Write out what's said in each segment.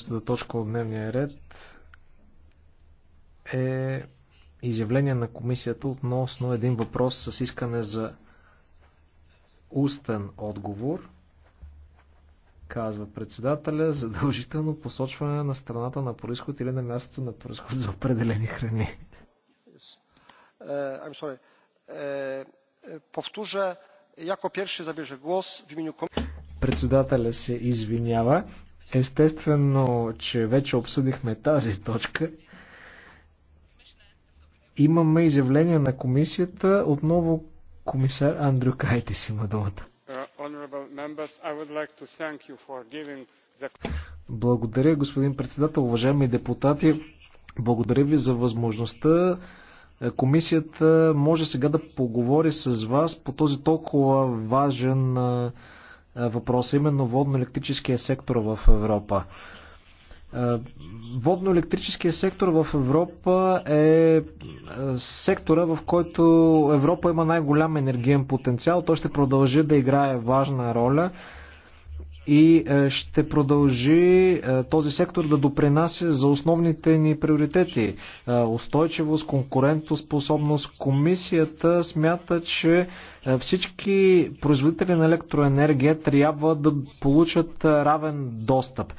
Следващата точка от дневния ред е изявление на комисията относно един въпрос с искане за устен отговор, казва председателя, задължително посочване на страната на происход или на мястото на происход за определени храни. Uh, uh, яко първи забежа глас в имени Председателя се извинява. Естествено, че вече обсъдихме тази точка. Имаме изявление на комисията. Отново комисар Андрю Кайтис има думата. Благодаря, господин председател, уважаеми депутати. Благодаря ви за възможността. Комисията може сега да поговори с вас по този толкова важен въпроса, е именно водно-електрическия сектор в Европа. Водно-електрическия сектор в Европа е, е сектора, в който Европа има най-голям енергиен потенциал. Той ще продължи да играе важна роля и е, ще продължи е, този сектор да допринася за основните ни приоритети. Е, устойчивост, конкурентоспособност. Комисията смята, че всички производители на електроенергия трябва да получат равен достъп.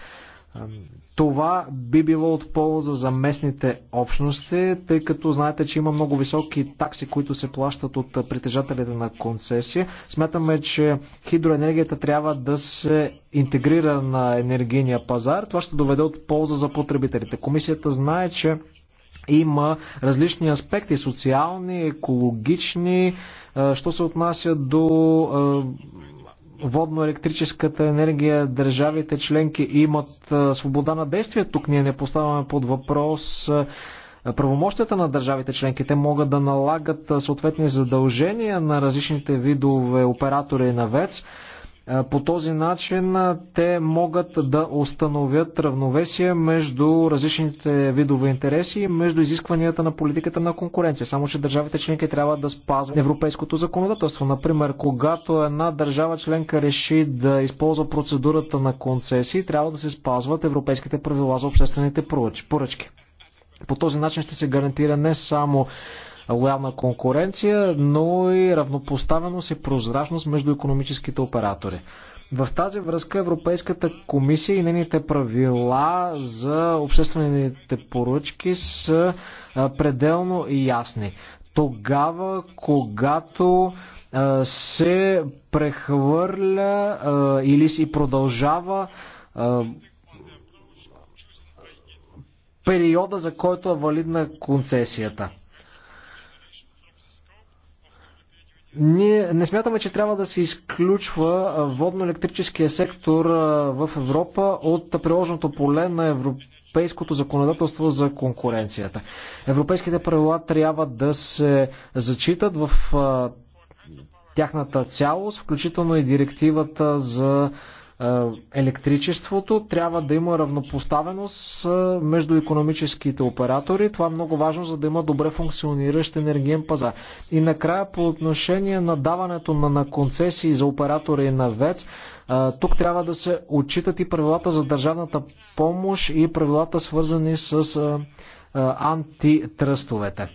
Това би било от полза за местните общности, тъй като знаете, че има много високи такси, които се плащат от притежателите на концесия. Смятаме, че хидроенергията трябва да се интегрира на енергийния пазар. Това ще доведе от полза за потребителите. Комисията знае, че има различни аспекти социални, екологични, що се отнася до водно-електрическата енергия, държавите членки имат свобода на действие. Тук ние не поставяме под въпрос правомощията на държавите членки. Те могат да налагат съответни задължения на различните видове оператори на ВЕЦ. Е, по този начин е, те могат да установят равновесие между различните видове интереси и между изискванията на политиката на конкуренция. Само, че държавите членки трябва да спазват европейското законодателство. Например, когато една държава членка реши да използва процедурата на концесии, трябва да се спазват европейските правила за обществените поръчки. По този начин ще се гарантира не само лоялна конкуренция, но и равнопоставеност и прозрачност между економическите оператори. В тази връзка Европейската комисия и нейните правила за обществените поръчки са пределно ясни. Тогава, когато се прехвърля или си продължава периода, за който е валидна концесията. Ние не смятаме, че трябва да се изключва водно-електрическия сектор в Европа от приложеното поле на европейското законодателство за конкуренцията. Европейските правила трябва да се зачитат в тяхната цялост, включително и директивата за е, електричеството, трябва да има равнопоставеност е, между економическите оператори. Това е много важно, за да има добре функциониращ енергиен пазар. И накрая по отношение на даването на, на концесии за оператори и на ВЕЦ, е, тук трябва да се отчитат и правилата за държавната помощ и правилата свързани с антитръстовете.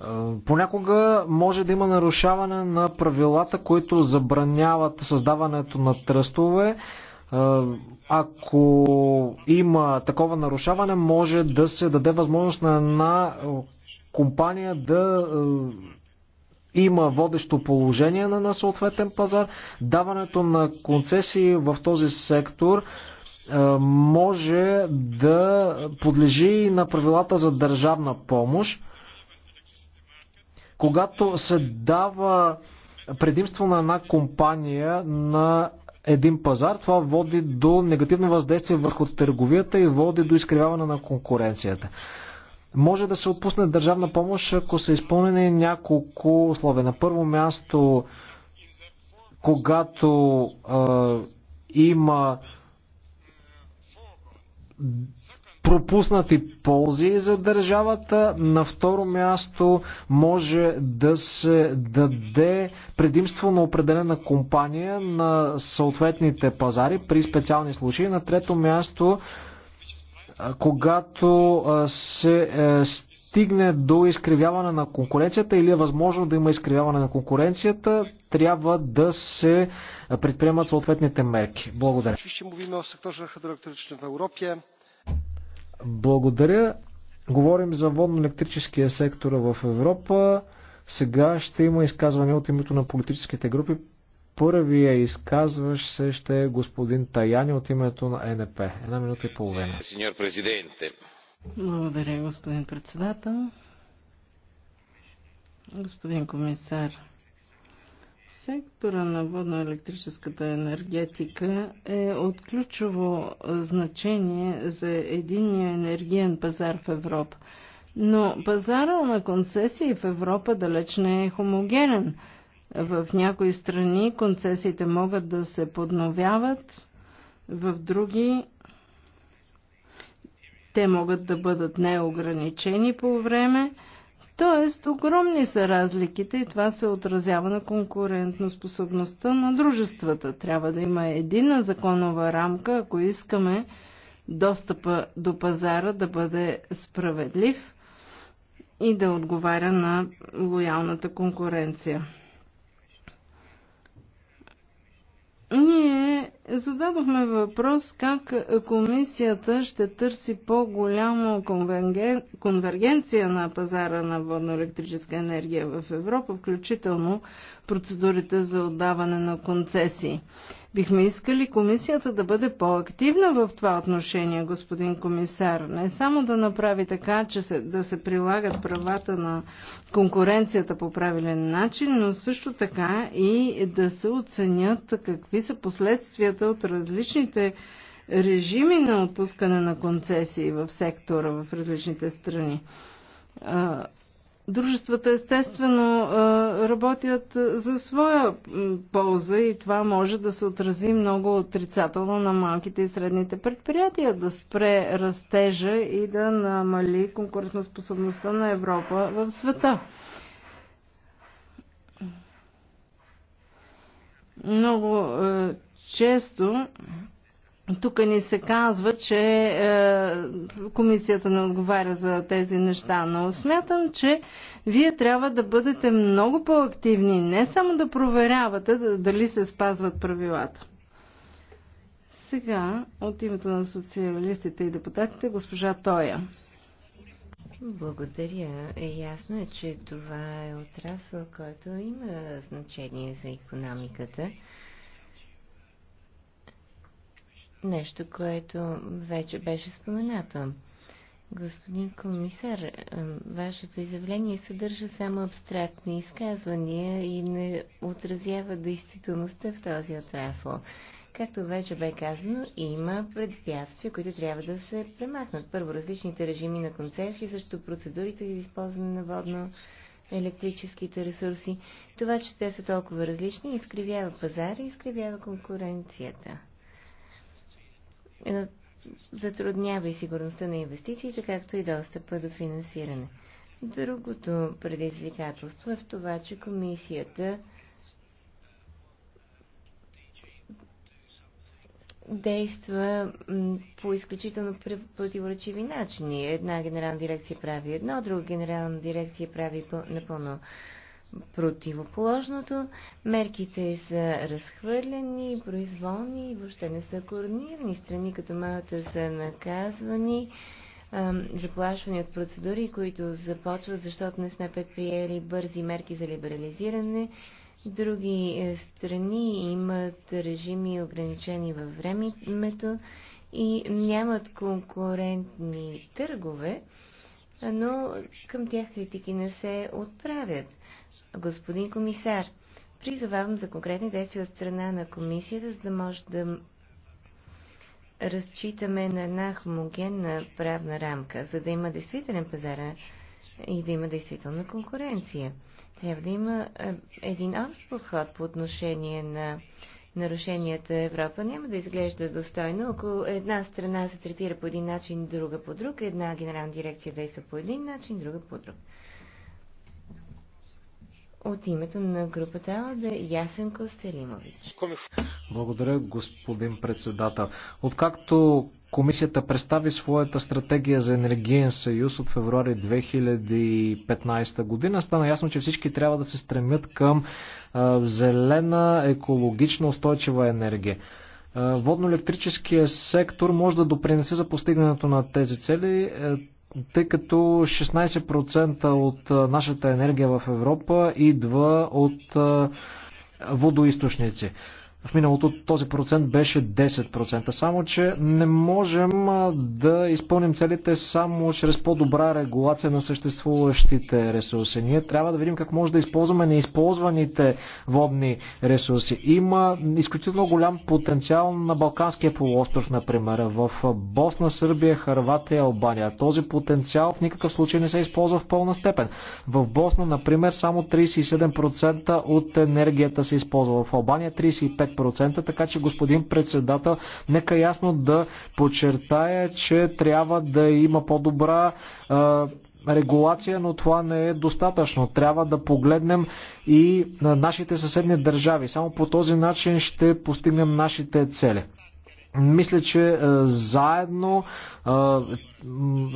Е, понякога може да има нарушаване на правилата, които забраняват създаването на тръстове. Е, ако има такова нарушаване, може да се даде възможност на една компания да е, има водещо положение на, на съответен пазар. Даването на концесии в този сектор може да подлежи на правилата за държавна помощ. Когато се дава предимство на една компания на един пазар, това води до негативно въздействие върху търговията и води до изкривяване на конкуренцията. Може да се отпусне държавна помощ, ако са изпълнени няколко условия. На първо място, когато е, има пропуснати ползи за държавата. На второ място може да се даде предимство на определена компания на съответните пазари при специални случаи. На трето място, когато се е, стигне до изкривяване на конкуренцията или е възможно да има изкривяване на конкуренцията, трябва да се предприемат съответните мерки. Благодаря. Благодаря. Говорим за водно-електрическия сектор в Европа. Сега ще има изказване от името на политическите групи. Първия изказващ се ще е господин Таяни от името на НП. Една минута и половина. Сеньор президенте. Благодаря, господин председател. Господин комисар, Сектора на водно-електрическата енергетика е от ключово значение за единния енергиен пазар в Европа. Но пазара на концесии в Европа далеч не е хомогенен. В някои страни концесиите могат да се подновяват, в други те могат да бъдат неограничени по време Тоест, огромни са разликите и това се отразява на конкурентноспособността на дружествата. Трябва да има едина законова рамка, ако искаме достъпа до пазара да бъде справедлив и да отговаря на лоялната конкуренция. Ние Зададохме въпрос как комисията ще търси по-голяма конвергенция на пазара на водноелектрическа енергия в Европа, включително процедурите за отдаване на концесии. Бихме искали комисията да бъде по-активна в това отношение, господин комисар. Не само да направи така, че се, да се прилагат правата на конкуренцията по правилен начин, но също така и да се оценят какви са последствията от различните режими на отпускане на концесии в сектора в различните страни Дружествата естествено работят за своя полза и това може да се отрази много отрицателно на малките и средните предприятия, да спре растежа и да намали конкурентоспособността на Европа в света. Много често тук ни се казва, че е, комисията не отговаря за тези неща, но смятам, че вие трябва да бъдете много по-активни, не само да проверявате дали се спазват правилата. Сега, от името на социалистите и депутатите, госпожа Тоя. Благодаря. Е, ясно е, че това е отрасъл, който има значение за економиката нещо, което вече беше споменато. Господин комисар, е, вашето изявление съдържа само абстрактни изказвания и не отразява действителността в този отрасъл. Както вече бе казано, има препятствия, които трябва да се премахнат. Първо, различните режими на концесии, също процедурите за използване на водно електрическите ресурси. Това, че те са толкова различни, изкривява пазара и изкривява конкуренцията затруднява и сигурността на инвестициите, както и достъпа до финансиране. Другото предизвикателство е в това, че комисията действа по изключително противоречиви начини. Една генерална дирекция прави едно, друга генерална дирекция прави напълно противоположното. Мерките са разхвърлени, произволни и въобще не са координирани. Страни като малата са наказвани, заплашвани от процедури, които започват, защото не сме предприели бързи мерки за либерализиране. Други е, страни имат режими ограничени във времето и нямат конкурентни търгове, но към тях критики не се отправят. Господин комисар, призовавам за конкретни действия от страна на комисията, за да може да разчитаме на една хомогенна правна рамка, за да има действителен пазар и да има действителна конкуренция. Трябва да има един общ подход по отношение на нарушенията Европа няма да изглежда достойно, ако една страна се третира по един начин, друга по друг, една генерална дирекция действа по един начин, друга по друг от името на групата АЛДА Ясен Костелимович. Благодаря, господин председател. Откакто комисията представи своята стратегия за енергиен съюз от февруари 2015 година, стана ясно, че всички трябва да се стремят към зелена, екологично устойчива енергия. Водно-електрическия сектор може да допринесе за постигането на тези цели. Е, тъй като 16% от нашата енергия в Европа идва от водоисточници. В миналото този процент беше 10%. Само, че не можем да изпълним целите само чрез по-добра регулация на съществуващите ресурси. Ние трябва да видим как може да използваме неизползваните водни ресурси. Има изключително голям потенциал на Балканския полуостров, например, в Босна, Сърбия, Харватия, Албания. Този потенциал в никакъв случай не се използва в пълна степен. В Босна, например, само 37% от енергията се използва. В Албания 35%. 5%, така че господин председател, нека ясно да подчертая, че трябва да има по-добра регулация, но това не е достатъчно. Трябва да погледнем и на нашите съседни държави. Само по този начин ще постигнем нашите цели. Мисля, че е, заедно, е,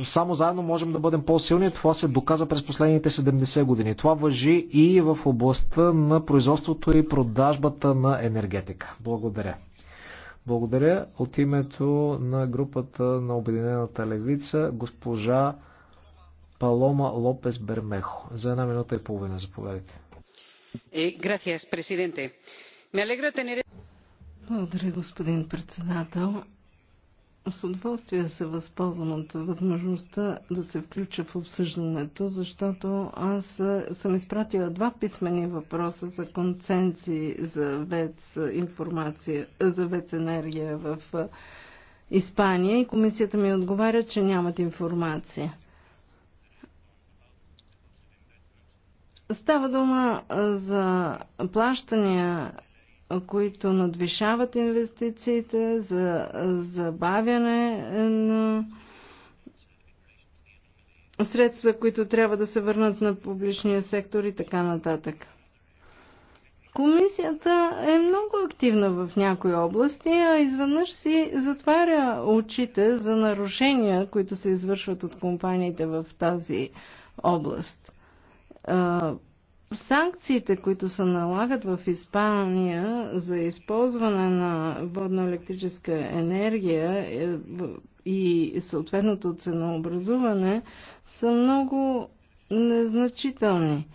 само заедно можем да бъдем по-силни. Това се доказа през последните 70 години. Това въжи и в областта на производството и продажбата на енергетика. Благодаря. Благодаря от името на групата на Обединената левица госпожа Палома Лопес Бермехо. За една минута и половина, заповядайте. Gracias, presidente. Me tener благодаря, господин председател. С удоволствие се възползвам от възможността да се включа в обсъждането, защото аз съм изпратила два писмени въпроса за концензии за ВЕЦ информация, за ВЕЦ енергия в Испания и комисията ми отговаря, че нямат информация. Става дума за плащания които надвишават инвестициите, за забавяне на средства, които трябва да се върнат на публичния сектор и така нататък. Комисията е много активна в някои области, а изведнъж си затваря очите за нарушения, които се извършват от компаниите в тази област Санкциите, които се налагат в Испания за използване на водно-електрическа енергия е, и съответното ценообразуване, са много незначителни.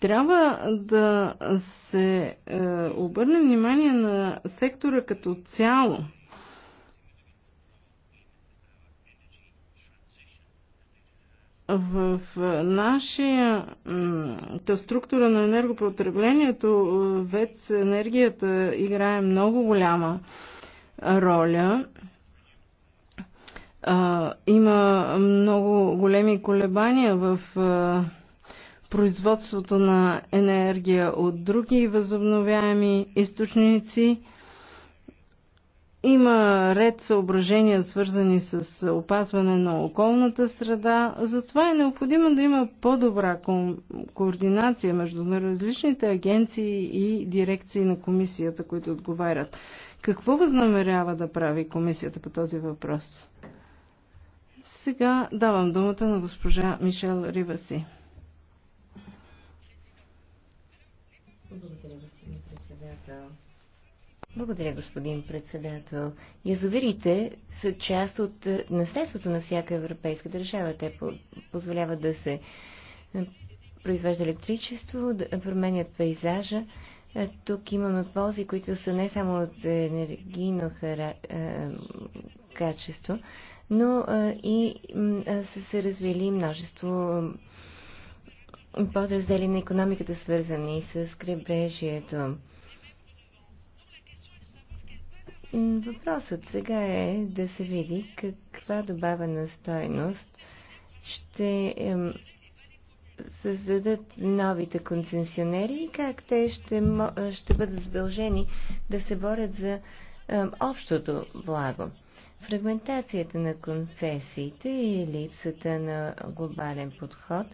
Трябва да се е, обърне внимание на сектора като цяло – в нашата структура на енергопотреблението е, вец енергията играе много голяма роля. А, има много големи колебания в а, е, производството на енергия от други възобновяеми източници. Има ред съображения, свързани с опазване на околната среда. Затова е необходимо да има по-добра ко- координация между различните агенции и дирекции на комисията, които отговарят. Какво възнамерява да прави комисията по този въпрос? Сега давам думата на госпожа Мишел Риваси. Благодаря, господин председател. Благодаря, господин председател. Язовирите са част от е, наследството на всяка европейска държава. Те позволяват да се е, произвежда електричество, да променят пейзажа. Е, тук имаме ползи, които са не само от енергийно хара... качество, но и са се развили множество подраздели на економиката, свързани с крайбрежието. Въпросът сега е да се види каква добавена стойност ще създадат новите концесионери и как те ще, е, ще бъдат задължени да се борят за общото благо. Фрагментацията на концесиите и липсата на глобален подход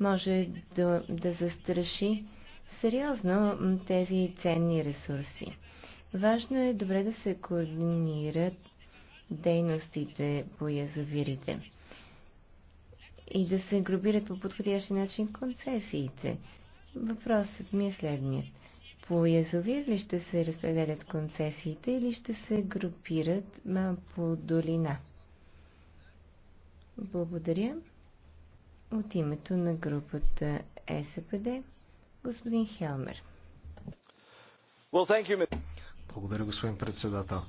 може да, да застраши сериозно тези ценни ресурси. Важно е добре да се координират дейностите по язовирите и да се групират по подходящ начин концесиите. Въпросът ми е следният. По язовир ли ще се разпределят концесиите или ще се групират по долина? Благодаря. От името на групата СПД, господин Хелмер. Well, thank you, благодаря, господин председател.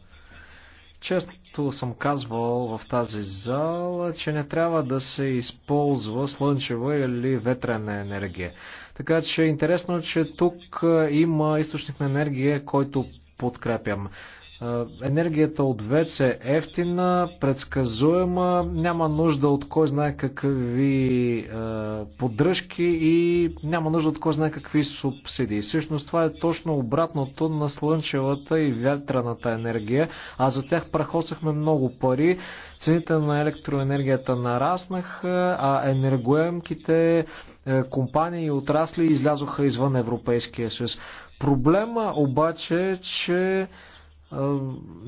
Често съм казвал в тази зала, че не трябва да се използва слънчева или ветрена енергия. Така че е интересно, че тук има източник на енергия, който подкрепям. Енергията от ВЕЦ е ефтина, предсказуема, няма нужда от кой знае какви поддръжки и няма нужда от кой знае какви субсидии. Всъщност това е точно обратното на слънчевата и вятраната енергия, а за тях прахосахме много пари. Цените на електроенергията нараснаха, а енергоемките е, компании и отрасли излязоха извън Европейския съюз. Проблема обаче е, че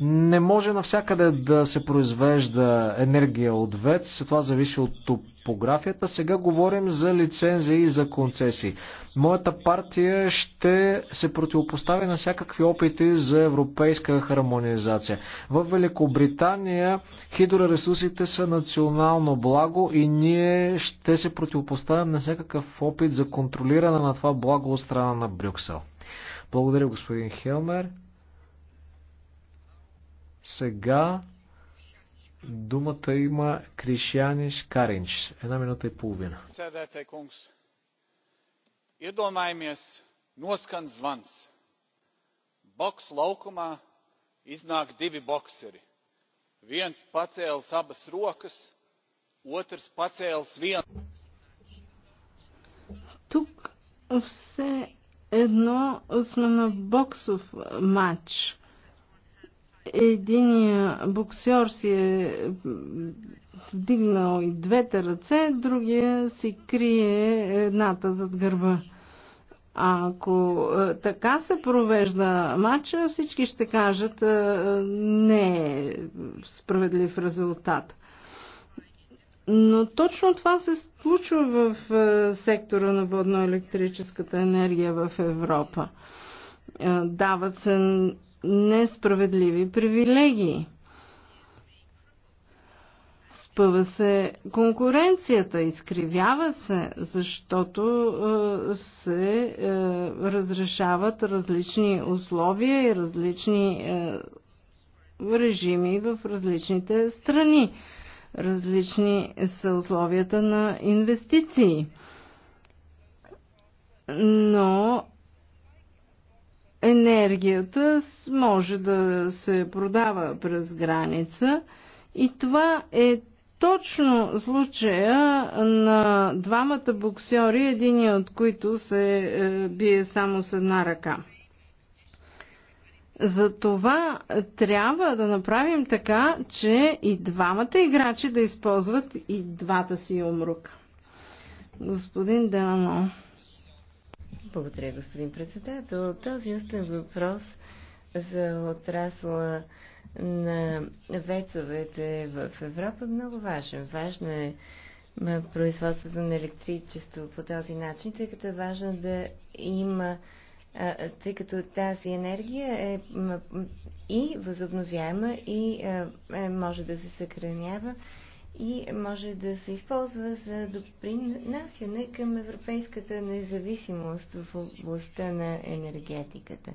не може навсякъде да се произвежда енергия от ВЕЦ, това зависи от топографията. Сега говорим за лицензии и за концесии. Моята партия ще се противопостави на всякакви опити за европейска хармонизация. В Великобритания хидроресурсите са национално благо и ние ще се противопоставим на всякакъв опит за контролиране на това благо от страна на Брюксел. Благодаря, господин Хелмер. Сега думата има Кришяниш Каринч. Една минута и половина. Iedomājamies, noskan zvans. Boks laukumā iznāk divi bokseri. Viens pacēlis abas rokas, otrs pacēlis vienu. Тук все едно сме на боксов матч един боксер си е вдигнал и двете ръце, другия си крие едната зад гърба. А ако е, така се провежда матча, всички ще кажат е, не е справедлив резултат. Но точно това се случва в е, сектора на водно-електрическата енергия в Европа. Дават се несправедливи привилегии. Спъва се конкуренцията, изкривява се, защото е, се е, разрешават различни условия и различни е, режими в различните страни. Различни са условията на инвестиции. Но енергията може да се продава през граница и това е точно случая на двамата боксери, един от които се е, бие само с една ръка. За това трябва да направим така, че и двамата играчи да използват и двата си умрука. Господин Делано. Благодаря, господин председател. Този устен въпрос за отрасла на вецовете в Европа е много важен. Важно е производството на електричество по този начин, тъй като е важно да има, тъй като тази енергия е и възобновяема и е, може да се съхранява и може да се използва за допринасяне към европейската независимост в областта на енергетиката.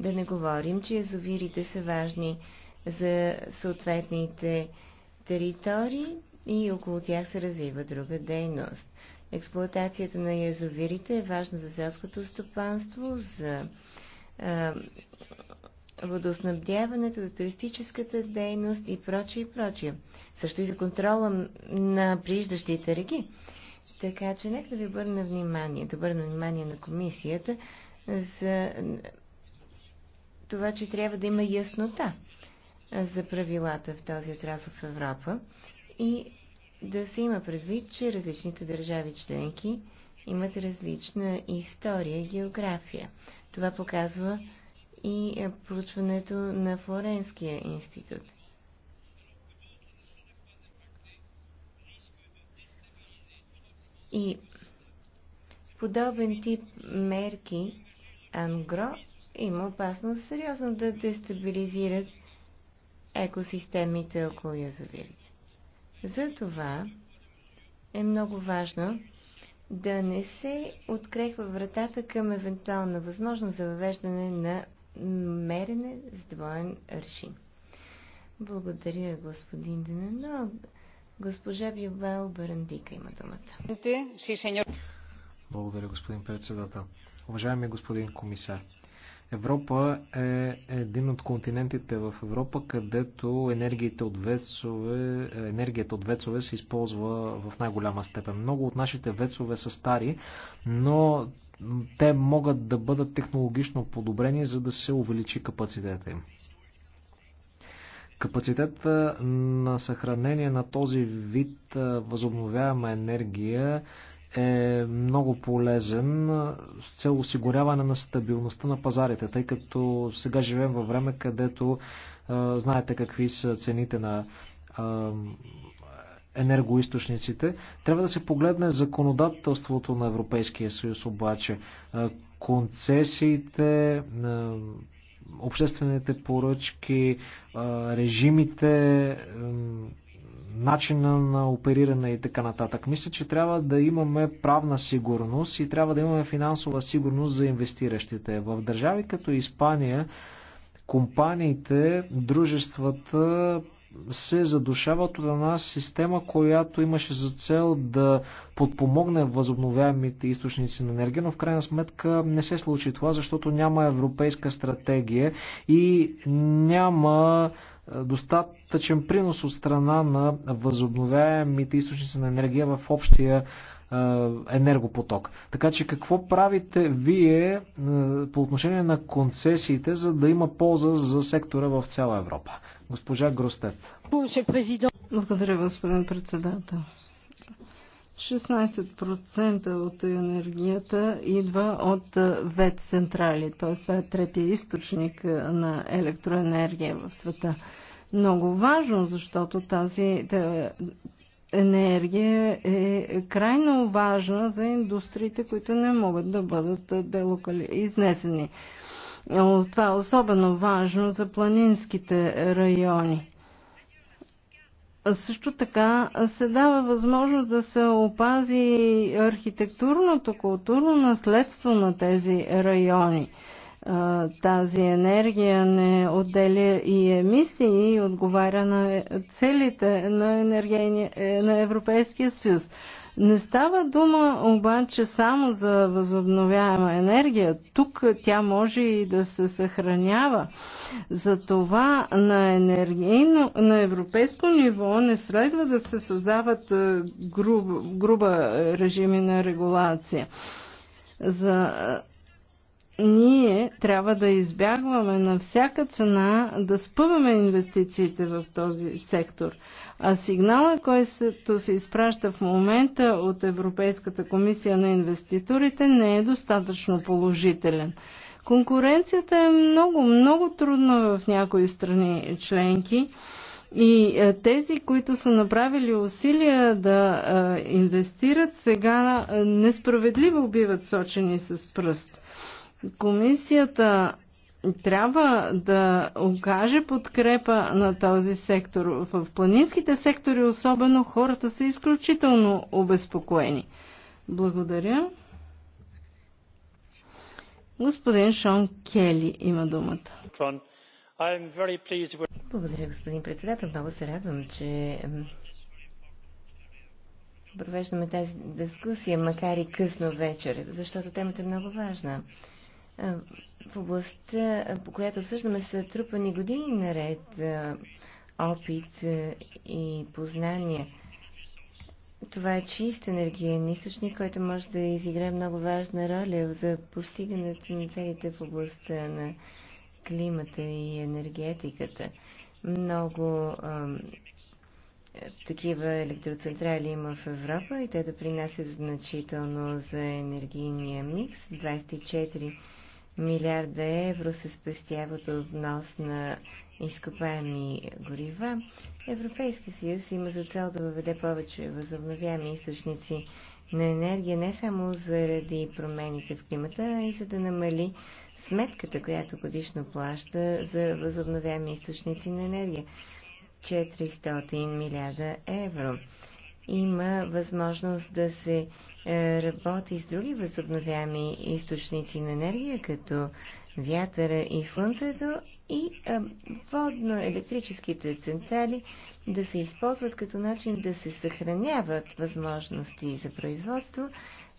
Да не говорим, че язовирите са важни за съответните територии и около тях се развива друга дейност. Експлоатацията на язовирите е важна за селското стопанство, за водоснабдяването, за туристическата дейност и прочие, и прочие. Също и за контрола на прииждащите реки. Така че нека да обърна внимание, да обърна внимание на комисията за това, че трябва да има яснота за правилата в този отрасъл в Европа и да се има предвид, че различните държави членки имат различна история и география. Това показва и е проучването на Флоренския институт. И подобен тип мерки ангро има опасност сериозно да дестабилизират екосистемите около язовирите. Затова е много важно да не се открехва вратата към евентуална възможност за въвеждане на мерене с двоен аршин. Благодаря, господин Денено. Госпожа Билбао Барандика има думата. Благодаря, господин председател. Уважаеми господин комисар, Европа е един от континентите в Европа, където енергията от вецове, енергията от вецове се използва в най-голяма степен. Много от нашите вецове са стари, но те могат да бъдат технологично подобрени, за да се увеличи капацитета им. Капацитета на съхранение на този вид възобновяема енергия е много полезен с цел осигуряване на стабилността на пазарите, тъй като сега живеем във време, където знаете какви са цените на енергоисточниците. Трябва да се погледне законодателството на Европейския съюз обаче. Концесиите, обществените поръчки, режимите, начина на опериране и така нататък. Мисля, че трябва да имаме правна сигурност и трябва да имаме финансова сигурност за инвестиращите. В държави като Испания, компаниите, дружествата се задушават от една система, която имаше за цел да подпомогне възобновяемите източници на енергия, но в крайна сметка не се случи това, защото няма европейска стратегия и няма достатъчен принос от страна на възобновяемите източници на енергия в общия енергопоток. Така че какво правите вие по отношение на концесиите, за да има полза за сектора в цяла Европа? Госпожа Гростет. Благодаря, господин председател. 16% от енергията идва от ВЕЦ централи, т.е. това е третия източник на електроенергия в света. Много важно, защото тази енергия е крайно важна за индустриите, които не могат да бъдат делокали изнесени. Това е особено важно за планинските райони също така се дава възможност да се опази архитектурното, културно наследство на тези райони. Тази енергия не отделя и емисии и отговаря на целите на, енергия, е, на Европейския съюз. Не става дума обаче само за възобновяема енергия. Тук тя може и да се съхранява. Затова на, енергийно, на европейско ниво не следва да се създават е, груб, груба режими на регулация. За е, ние трябва да избягваме на всяка цена да спъваме инвестициите в този сектор – а сигнала, който се изпраща в момента от Европейската комисия на инвеститорите, не е достатъчно положителен. Конкуренцията е много, много трудна в някои страни членки. И е, тези, които са направили усилия да е, инвестират, сега е, несправедливо биват сочени с пръст. Комисията трябва да окаже подкрепа на този сектор. В планинските сектори особено хората са изключително обезпокоени. Благодаря. Господин Шон Кели има думата. Благодаря, господин председател. Много се радвам, че провеждаме тази дискусия, макар и късно вечер, защото темата е много важна в областта, по която обсъждаме, са трупани години наред опит и познания. Това е чист енергиен източник, който може да изиграе много важна роля за постигането на целите в областта на климата и енергетиката. Много ам, такива електроцентрали има в Европа и те допринасят значително за енергийния микс. 24 милиарда евро се спестяват от внос на изкопаеми горива, Европейския съюз има за цел да въведе повече възобновяеми източници на енергия не само заради промените в климата, а и за да намали сметката, която годишно плаща за възобновяеми източници на енергия. 400 милиарда евро има възможност да се е, работи с други възобновяеми източници на енергия, като вятъра и слънцето и е, водно-електрическите централи да се използват като начин да се съхраняват възможности за производство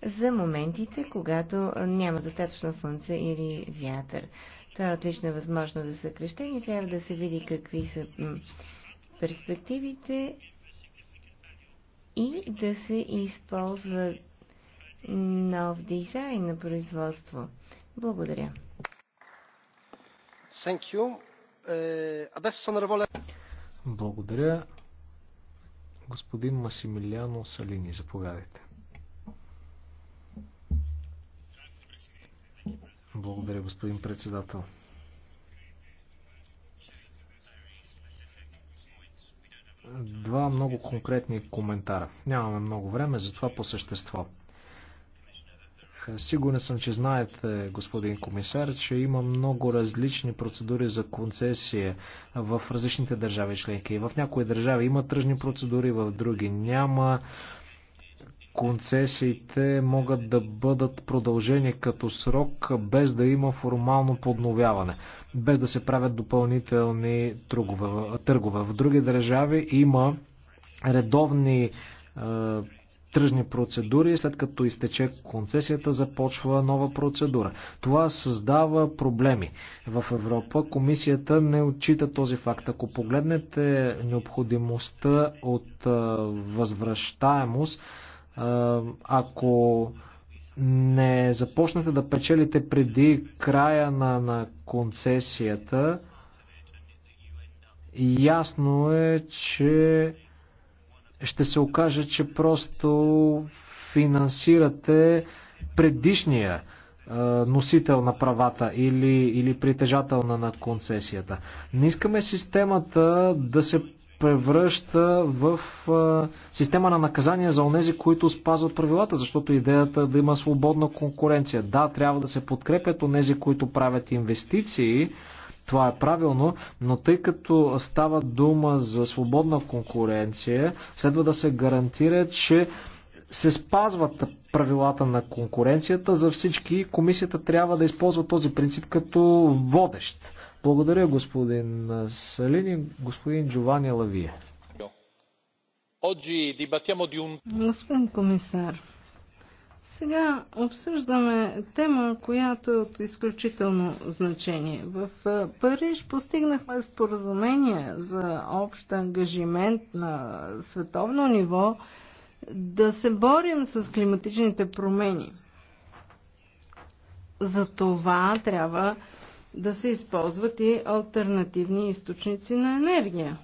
за моментите, когато няма достатъчно слънце или вятър. Това е отлична възможност за съкрещение. Трябва да се види какви са перспективите и да се използва нов дизайн на производство. Благодаря. Е, Благодаря. Господин Масимилиано Салини, заповядайте. Благодаря, господин председател. два много конкретни коментара. Нямаме много време, затова по същество. Сигурен съм, че знаете, господин комисар, че има много различни процедури за концесия в различните държави членки. В някои държави има тръжни процедури, в други няма концесиите могат да бъдат продължени като срок, без да има формално подновяване, без да се правят допълнителни търгове. В други държави има редовни е, тръжни процедури, след като изтече концесията, започва нова процедура. Това създава проблеми в Европа. Комисията не отчита този факт. Ако погледнете необходимостта от е, възвръщаемост, е, ако не започнете да печелите преди края на, на концесията, ясно е, че ще се окаже, че просто финансирате предишния е, носител на правата или, или притежател на, на концесията. Не искаме системата да се превръща в а, система на наказание за онези, които спазват правилата, защото идеята е да има свободна конкуренция. Да, трябва да се подкрепят онези, които правят инвестиции, това е правилно, но тъй като става дума за свободна конкуренция, следва да се гарантира, че се спазват правилата на конкуренцията за всички и комисията трябва да използва този принцип като водещ благодаря, господин Салини. Господин Джованни Лавие. Господин комисар, сега обсъждаме тема, която е от изключително значение. В Париж постигнахме споразумение за общ ангажимент на световно ниво да се борим с климатичните промени. За това трябва да се използват и альтернативни източници на енергия,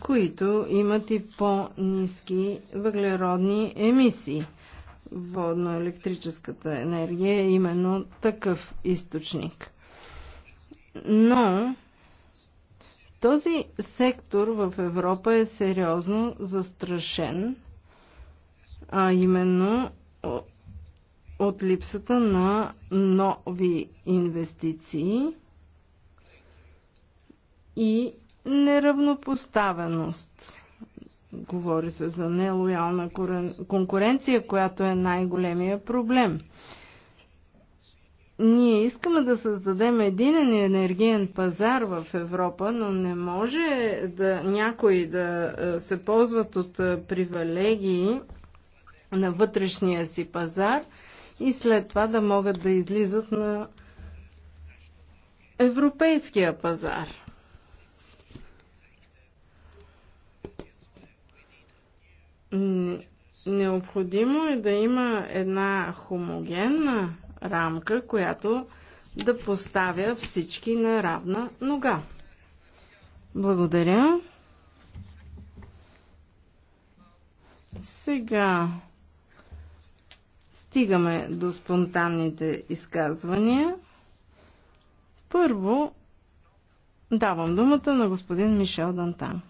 които имат и по-низки въглеродни емисии. Водно-електрическата енергия е именно такъв източник. Но този сектор в Европа е сериозно застрашен, а именно от липсата на нови инвестиции и неравнопоставеност. Говори се за нелоялна конкуренция, която е най-големия проблем. Ние искаме да създадем един енергиен пазар в Европа, но не може да някои да е, се ползват от е, привилегии на вътрешния си пазар – и след това да могат да излизат на европейския пазар. Необходимо е да има една хомогенна рамка, която да поставя всички на равна нога. Благодаря. Сега стигаме до спонтанните изказвания. Първо давам думата на господин Мишел Дантан.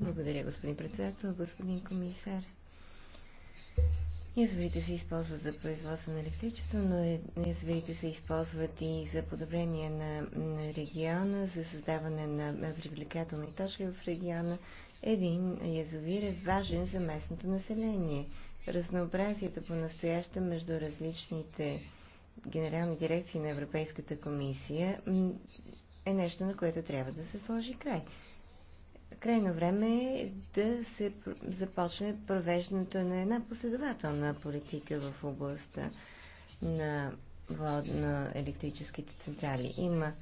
Благодаря, господин председател, господин комисар. Язовите се използват за производство на електричество, но е- язовите се използват и за подобрение на, на региона, за създаване на привлекателни точки в региона, един язовир е важен за местното население. Разнообразието по настояща между различните генерални дирекции на Европейската комисия е нещо, на което трябва да се сложи край. Крайно време е да се започне провеждането на една последователна политика в областта на на електрическите централи. Има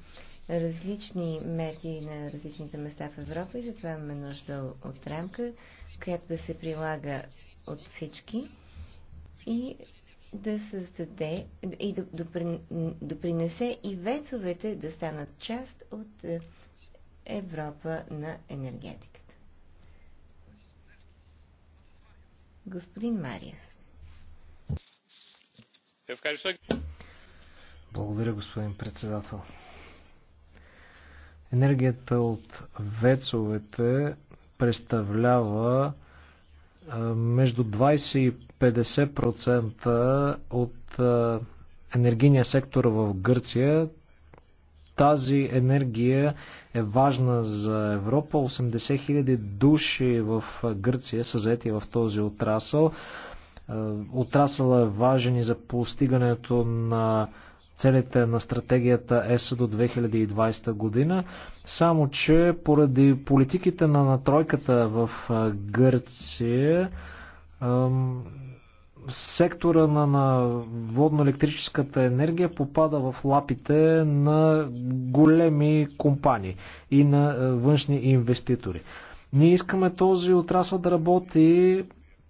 различни мерки на различните места в Европа и затова имаме нужда от рамка, която да се прилага от всички и да създаде и да допринесе и вецовете да станат част от е, Европа на енергетиката. Господин Мариас. Благодаря, господин председател. Енергията от вецовете представлява между 20 и 50% от енергийния сектор в Гърция. Тази енергия е важна за Европа. 80 000 души в Гърция са заети в този отрасъл. Отрасъл е важен и за постигането на целите на стратегията ЕС до 2020 година, само че поради политиките на натройката в Гърция, сектора на, на водно-електрическата енергия попада в лапите на големи компании и на външни инвеститори. Ние искаме този отрасъл да работи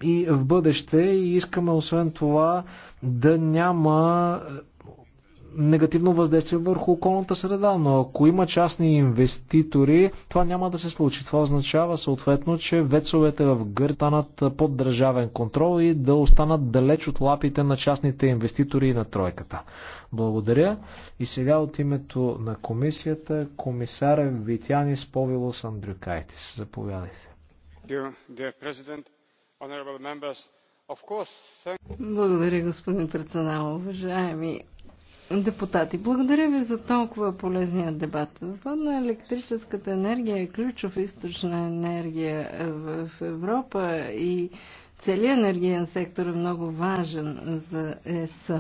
и в бъдеще и искаме освен това да няма негативно въздействие върху околната среда, но ако има частни инвеститори, това няма да се случи. Това означава съответно, че вецовете в Гърт станат под държавен контрол и да останат далеч от лапите на частните инвеститори и на тройката. Благодаря. И сега от името на комисията, комисаря Витянис Повилос Андрюкайтис. Заповядайте. Благодаря, господин председател. Уважаеми депутати. Благодаря ви за толкова полезния дебат. Водна електрическата енергия е ключов източна енергия в Европа и целият енергиен сектор е много важен за ЕС.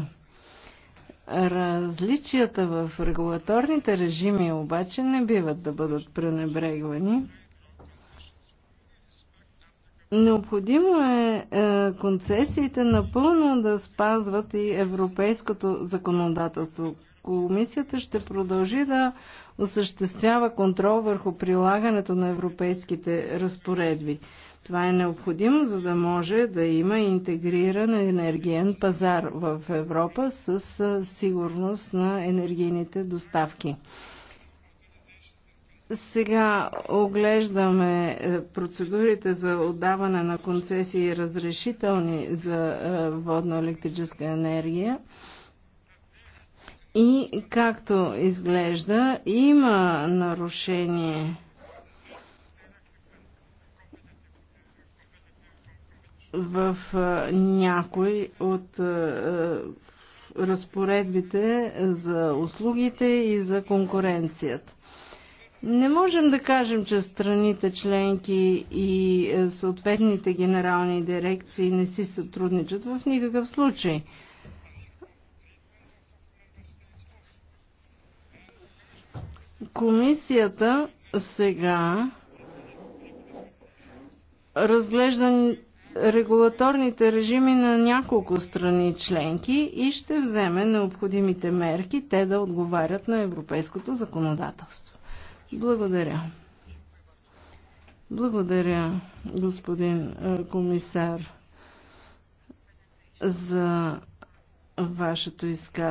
Различията в регулаторните режими обаче не биват да бъдат пренебрегвани Необходимо е, е концесиите напълно да спазват и европейското законодателство. Комисията ще продължи да осъществява контрол върху прилагането на европейските разпоредби. Това е необходимо, за да може да има интегриран енергиен пазар в Европа с е, сигурност на енергийните доставки. Сега оглеждаме е, процедурите за отдаване на концесии разрешителни за е, водно-електрическа енергия. И както изглежда, има нарушение в е, някой от разпоредбите за услугите и за конкуренцията. Не можем да кажем, че страните членки и е, съответните генерални дирекции не си сътрудничат в никакъв случай. Комисията сега разглежда регулаторните режими на няколко страни членки и ще вземе необходимите мерки те да отговарят на европейското законодателство. Благодаря. Благодаря, господин е, комисар, за вашето изказване.